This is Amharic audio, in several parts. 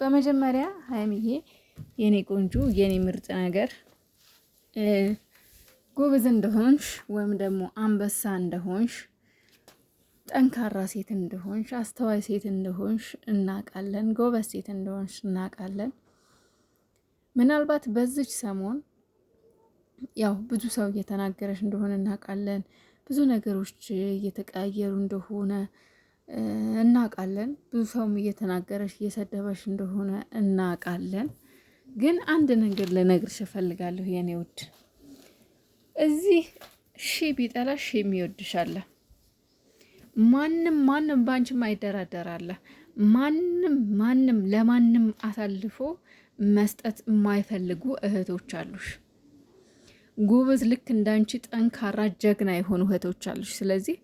በመጀመሪያ ሀይሚዬ የኔ ቆንጆ የኔ ምርጥ ነገር ጎበዝ እንደሆንሽ ወይም ደግሞ አንበሳ እንደሆንሽ ጠንካራ ሴት እንደሆንሽ አስተዋይ ሴት እንደሆንሽ እናቃለን። ጎበዝ ሴት እንደሆንሽ እናቃለን። ምናልባት በዚች ሰሞን ያው ብዙ ሰው እየተናገረሽ እንደሆነ እናቃለን። ብዙ ነገሮች እየተቀያየሩ እንደሆነ እናውቃለን። ብዙ ሰውም እየተናገረሽ እየሰደበሽ እንደሆነ እናውቃለን። ግን አንድ ነገር ልነግርሽ እፈልጋለሁ የኔ ውድ፣ እዚህ ሺ ቢጠላሽ ሺ የሚወድሽ አለ። ማንም ማንም በአንቺ ማይደራደር ማንም ማንም ለማንም አሳልፎ መስጠት የማይፈልጉ እህቶች አሉሽ። ጎበዝ፣ ልክ እንዳንቺ ጠንካራ ጀግና የሆኑ እህቶች አሉሽ። ስለዚህ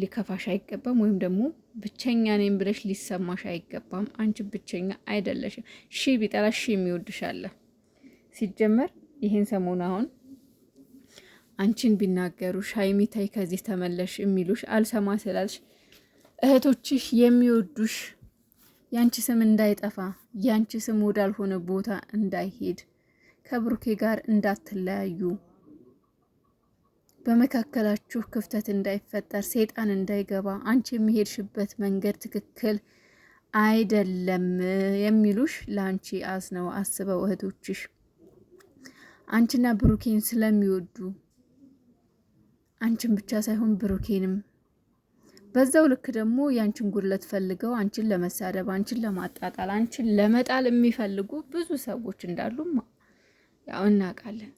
ሊከፋሽ አይገባም። ወይም ደግሞ ብቸኛ ነኝ ብለሽ ሊሰማሽ አይገባም። አንቺ ብቸኛ አይደለሽም። ሺ ቢጠላ ሺ የሚወድሻለ። ሲጀመር ይህን ሰሞን አሁን አንቺን ቢናገሩሽ ሀይሚታይ ከዚህ ተመለሽ የሚሉሽ አልሰማ ስላልሽ እህቶችሽ የሚወዱሽ ያንቺ ስም እንዳይጠፋ ያንቺ ስም ወዳልሆነ ቦታ እንዳይሄድ ከብሩኬ ጋር እንዳትለያዩ በመካከላችሁ ክፍተት እንዳይፈጠር ሰይጣን እንዳይገባ አንቺ የሚሄድሽበት መንገድ ትክክል አይደለም የሚሉሽ ለአንቺ አዝነው አስበው እህቶችሽ አንቺና ብሩኬን ስለሚወዱ አንቺን ብቻ ሳይሆን ብሩኬንም በዛው ልክ ደግሞ የአንቺን ጉድለት ፈልገው አንቺን ለመሳደብ፣ አንቺን ለማጣጣል፣ አንቺን ለመጣል የሚፈልጉ ብዙ ሰዎች እንዳሉ ያው እናውቃለን።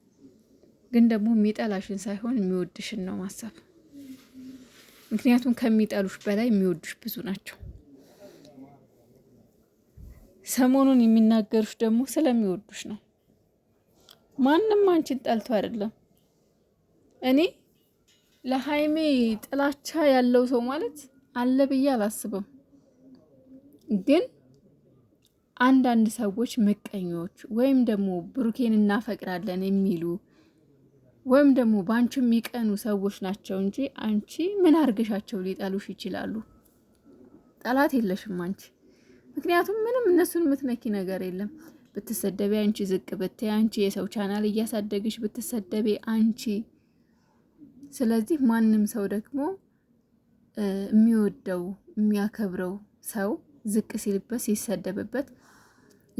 ግን ደግሞ የሚጠላሽን ሳይሆን የሚወድሽን ነው ማሰብ። ምክንያቱም ከሚጠሉሽ በላይ የሚወዱሽ ብዙ ናቸው። ሰሞኑን የሚናገሩሽ ደግሞ ስለሚወዱሽ ነው። ማንም አንቺን ጠልቶ አይደለም። እኔ ለሀይሜ ጥላቻ ያለው ሰው ማለት አለ ብዬ አላስብም። ግን አንዳንድ ሰዎች ምቀኞች ወይም ደግሞ ብሩኬን እናፈቅራለን የሚሉ ወይም ደግሞ በአንቺ የሚቀኑ ሰዎች ናቸው እንጂ አንቺ ምን አርገሻቸው ሊጠሉሽ ይችላሉ? ጠላት የለሽም አንቺ። ምክንያቱም ምንም እነሱን የምትነኪ ነገር የለም። ብትሰደቢ አንቺ ዝቅ ብትይ አንቺ የሰው ቻናል እያሳደግሽ ብትሰደቢ አንቺ። ስለዚህ ማንም ሰው ደግሞ የሚወደው የሚያከብረው ሰው ዝቅ ሲልበት ሲሰደብበት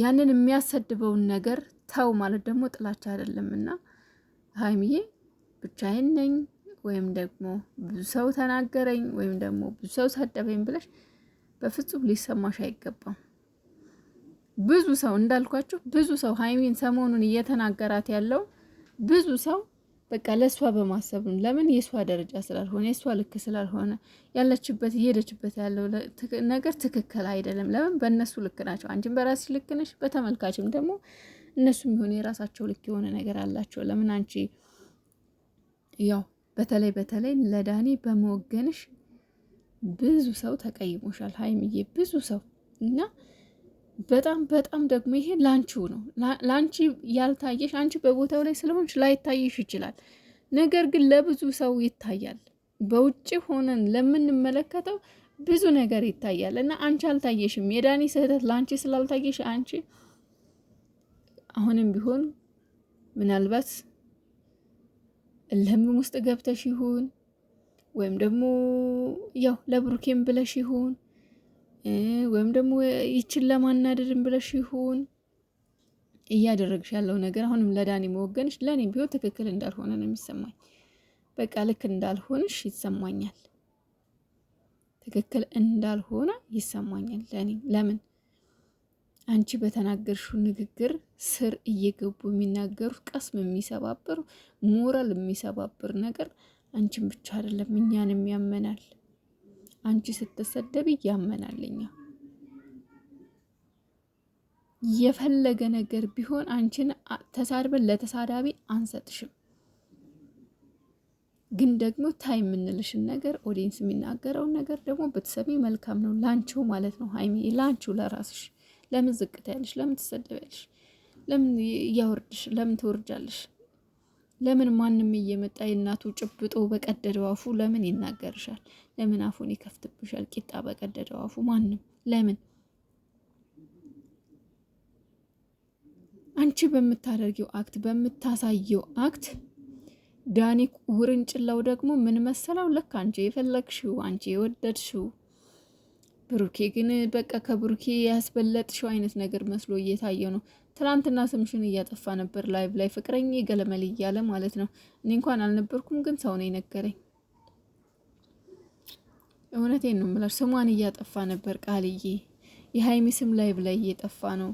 ያንን የሚያሰድበውን ነገር ተው ማለት ደግሞ ጥላቻ አይደለም እና ሀይሚዬ ብቻዬን ነኝ ወይም ደግሞ ብዙ ሰው ተናገረኝ ወይም ደግሞ ብዙ ሰው ሳደበኝ ብለሽ በፍጹም ሊሰማሽ አይገባም። ብዙ ሰው እንዳልኳችሁ ብዙ ሰው ሀይሚን ሰሞኑን እየተናገራት ያለው ብዙ ሰው በቃ ለእሷ በማሰብ ነው። ለምን የእሷ ደረጃ ስላልሆነ የእሷ ልክ ስላልሆነ ያለችበት እየሄደችበት ያለው ነገር ትክክል አይደለም። ለምን በእነሱ ልክ ናቸው፣ አንቺም በራስሽ ልክ ነሽ፣ በተመልካችም ደግሞ እነሱም የሆነ የራሳቸው ልክ የሆነ ነገር አላቸው። ለምን አንቺ ያው በተለይ በተለይ ለዳኒ በመወገንሽ ብዙ ሰው ተቀይሞሻል ሀይሚዬ፣ ብዙ ሰው እና በጣም በጣም ደግሞ ይሄ ላንቺው ነው። ላንቺ ያልታየሽ አንቺ በቦታው ላይ ስለሆንሽ ላይታየሽ ይችላል። ነገር ግን ለብዙ ሰው ይታያል። በውጭ ሆነን ለምንመለከተው ብዙ ነገር ይታያል እና አንቺ አልታየሽም። የዳኒ ስህተት ለአንቺ ስላልታየሽ አንቺ አሁንም ቢሆን ምናልባት እልህምም ውስጥ ገብተሽ ይሁን ወይም ደግሞ ያው ለብሩኬም ብለሽ ይሁን ወይም ደግሞ ይችን ለማናደድም ብለሽ ይሁን እያደረግሽ ያለው ነገር አሁንም ለዳኒ መወገንሽ ለእኔም ቢሆን ትክክል እንዳልሆነ ነው የሚሰማኝ። በቃ ልክ እንዳልሆንሽ ይሰማኛል፣ ትክክል እንዳልሆነ ይሰማኛል ለእኔ ለምን አንቺ በተናገርሽው ንግግር ስር እየገቡ የሚናገሩት ቀስም የሚሰባብር ሞራል የሚሰባብር ነገር አንቺን ብቻ አይደለም እኛንም ያመናል። አንቺ ስትሰደብ እያመናልኛ የፈለገ ነገር ቢሆን አንቺን ተሳድበን ለተሳዳቢ አንሰጥሽም። ግን ደግሞ ታይ የምንልሽን ነገር ኦዲንስ የሚናገረውን ነገር ደግሞ ብትሰሚ መልካም ነው ላንቺው ማለት ነው። ሀይሚ ላንቺው ለራስሽ ለምን ዝቅት ያለሽ? ለምን ትሰደቢያለሽ? ለምን እያወርድሽ? ለምን ትወርጃለሽ? ለምን ማንም እየመጣ የእናቱ ጭብጦ በቀደደው አፉ ለምን ይናገርሻል? ለምን አፉን ይከፍትብሻል? ቂጣ በቀደደው አፉ ማንም ለምን አንቺ በምታደርጊው አክት በምታሳየው አክት ዳኒ ውርንጭላው ደግሞ ምን መሰለው? ልክ አንቺ የፈለግሽው አንቺ የወደድሽው ብሩኬ ግን በቃ ከብሩኬ ያስበለጥሽው አይነት ነገር መስሎ እየታየ ነው። ትናንትና ስምሽን እያጠፋ ነበር ላይቭ ላይ ፍቅረኝ ገለመል እያለ ማለት ነው። እኔ እንኳን አልነበርኩም፣ ግን ሰው ነው የነገረኝ። እውነቴን ነው የምላሽ፣ ስሟን እያጠፋ ነበር ቃልዬ። የሀይሚ ስም ላይቭ ላይ እየጠፋ ነው።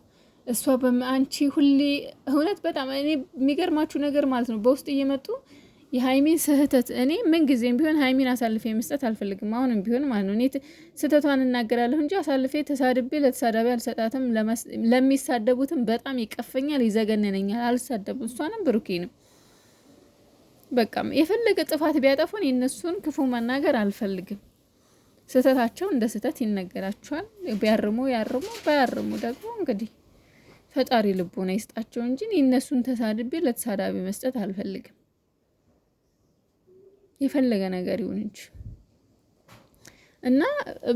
እሷ በአንቺ ሁሌ እውነት በጣም እኔ የሚገርማችሁ ነገር ማለት ነው በውስጥ እየመጡ የሀይሚን ስህተት እኔ ምን ጊዜም ቢሆን ሀይሚን አሳልፌ መስጠት አልፈልግም። አሁንም ቢሆን ማለት ነው እኔ ስህተቷን እናገራለሁ እንጂ አሳልፌ ተሳድቤ ለተሳዳቢ አልሰጣትም። ለሚሳደቡትም በጣም ይቀፈኛል፣ ይዘገንነኛል። አልሳደቡ እሷንም ብሩኬንም በቃ የፈለገ ጥፋት ቢያጠፉን የእነሱን ክፉ መናገር አልፈልግም። ስህተታቸው እንደ ስህተት ይነገራቸዋል። ቢያርሙ ያርሙ፣ ባያርሙ ደግሞ እንግዲህ ፈጣሪ ልቦና ይስጣቸው እንጂ የእነሱን ተሳድቤ ለተሳዳቢ መስጠት አልፈልግም። የፈለገ ነገር ይሁን እንጂ እና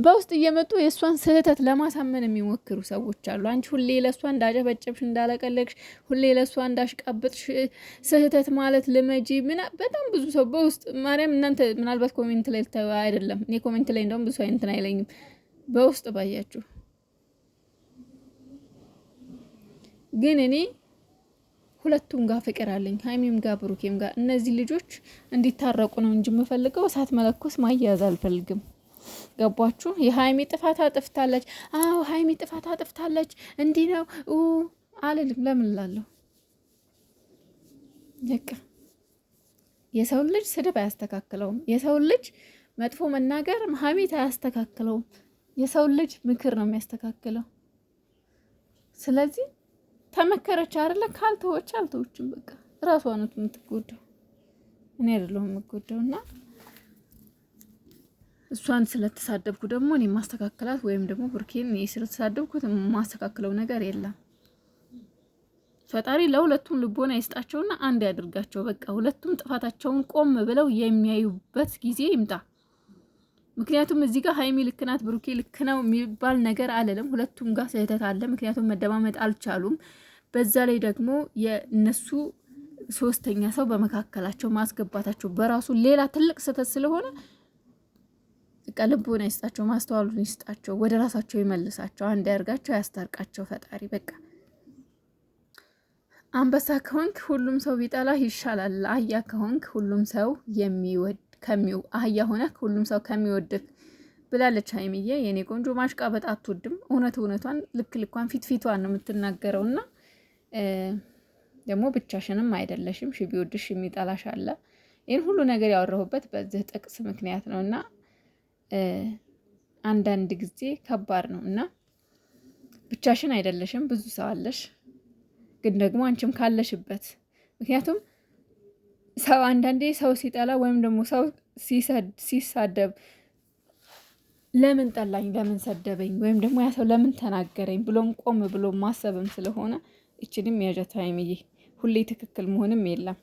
በውስጥ እየመጡ የእሷን ስህተት ለማሳመን የሚሞክሩ ሰዎች አሉ። አንቺ ሁሌ ለእሷ እንዳጨበጨብሽ፣ እንዳለቀለቅሽ፣ ሁሌ ለእሷ እንዳሽቃበጥሽ ስህተት ማለት ልመጂ ምና በጣም ብዙ ሰው በውስጥ ማርያም፣ እናንተ ምናልባት ኮሜንት ላይ ልታዩ አይደለም። እኔ ኮሜንት ላይ እንደውም ብዙ አይነትን አይለኝም። በውስጥ ባያችሁ ግን እኔ ሁለቱም ጋር ፍቅር አለኝ፣ ሀይሚም ጋር ብሩኬም ጋር። እነዚህ ልጆች እንዲታረቁ ነው እንጂ የምፈልገው እሳት መለኮስ ማያያዝ አልፈልግም። ገባችሁ? የሀይሚ ጥፋት አጥፍታለች። አዎ ሀይሚ ጥፋት አጥፍታለች፣ እንዲህ ነው አልልም። ለምን ላለሁ በቃ የሰውን ልጅ ስድብ አያስተካክለውም። የሰውን ልጅ መጥፎ መናገር ሀሜት አያስተካክለውም። የሰውን ልጅ ምክር ነው የሚያስተካክለው። ስለዚህ ተመከረች አይደለ? ካልተወች አልተወችም። በቃ ራሷ ነው የምትጎዳው፣ እኔ አይደለሁም የምጎዳው። እና እሷን ስለተሳደብኩ ደግሞ እኔ ማስተካከላት ወይም ደግሞ ብርኬን እኔ ስለተሳደብኩት የማስተካክለው ነገር የለም። ፈጣሪ ለሁለቱም ልቦና ይስጣቸውና አንድ ያድርጋቸው። በቃ ሁለቱም ጥፋታቸውን ቆም ብለው የሚያዩበት ጊዜ ይምጣ። ምክንያቱም እዚህ ጋር ሀይሚ ልክናት ብሩኬ ልክነው የሚባል ነገር አለለም። ሁለቱም ጋር ስህተት አለ። ምክንያቱም መደማመጥ አልቻሉም። በዛ ላይ ደግሞ የእነሱ ሶስተኛ ሰው በመካከላቸው ማስገባታቸው በራሱ ሌላ ትልቅ ስህተት ስለሆነ ልቦና ይስጣቸው፣ ማስተዋሉን ይስጣቸው፣ ወደ ራሳቸው ይመልሳቸው፣ አንድ ያርጋቸው፣ ያስታርቃቸው ፈጣሪ። በቃ አንበሳ ከሆንክ ሁሉም ሰው ቢጠላህ ይሻላል። አያ ከሆንክ ሁሉም ሰው የሚወድ ከሚው አህያ ሆነህ ሁሉም ሰው ከሚወድህ ብላለች ሀይሚዬ የኔ ቆንጆ ማሽቃበጥ አትወድም። እውነት እውነቷን ልክ ልኳን ፊት ፊቷን ነው የምትናገረው። እና ደግሞ ብቻሽንም አይደለሽም ሺ ቢወድሽ የሚጠላሽ አለ። ይህን ሁሉ ነገር ያወራሁበት በዚህ ጥቅስ ምክንያት ነው። እና አንዳንድ ጊዜ ከባድ ነው እና ብቻሽን አይደለሽም ብዙ ሰው አለሽ። ግን ደግሞ አንቺም ካለሽበት ምክንያቱም ሰው አንዳንዴ ሰው ሲጠላ ወይም ደግሞ ሰው ሲሳደብ ለምን ጠላኝ፣ ለምን ሰደበኝ፣ ወይም ደግሞ ያ ሰው ለምን ተናገረኝ ብሎም ቆም ብሎ ማሰብም ስለሆነ እችንም ያዣት ሀይሚዬ፣ ሁሌ ትክክል መሆንም የለም።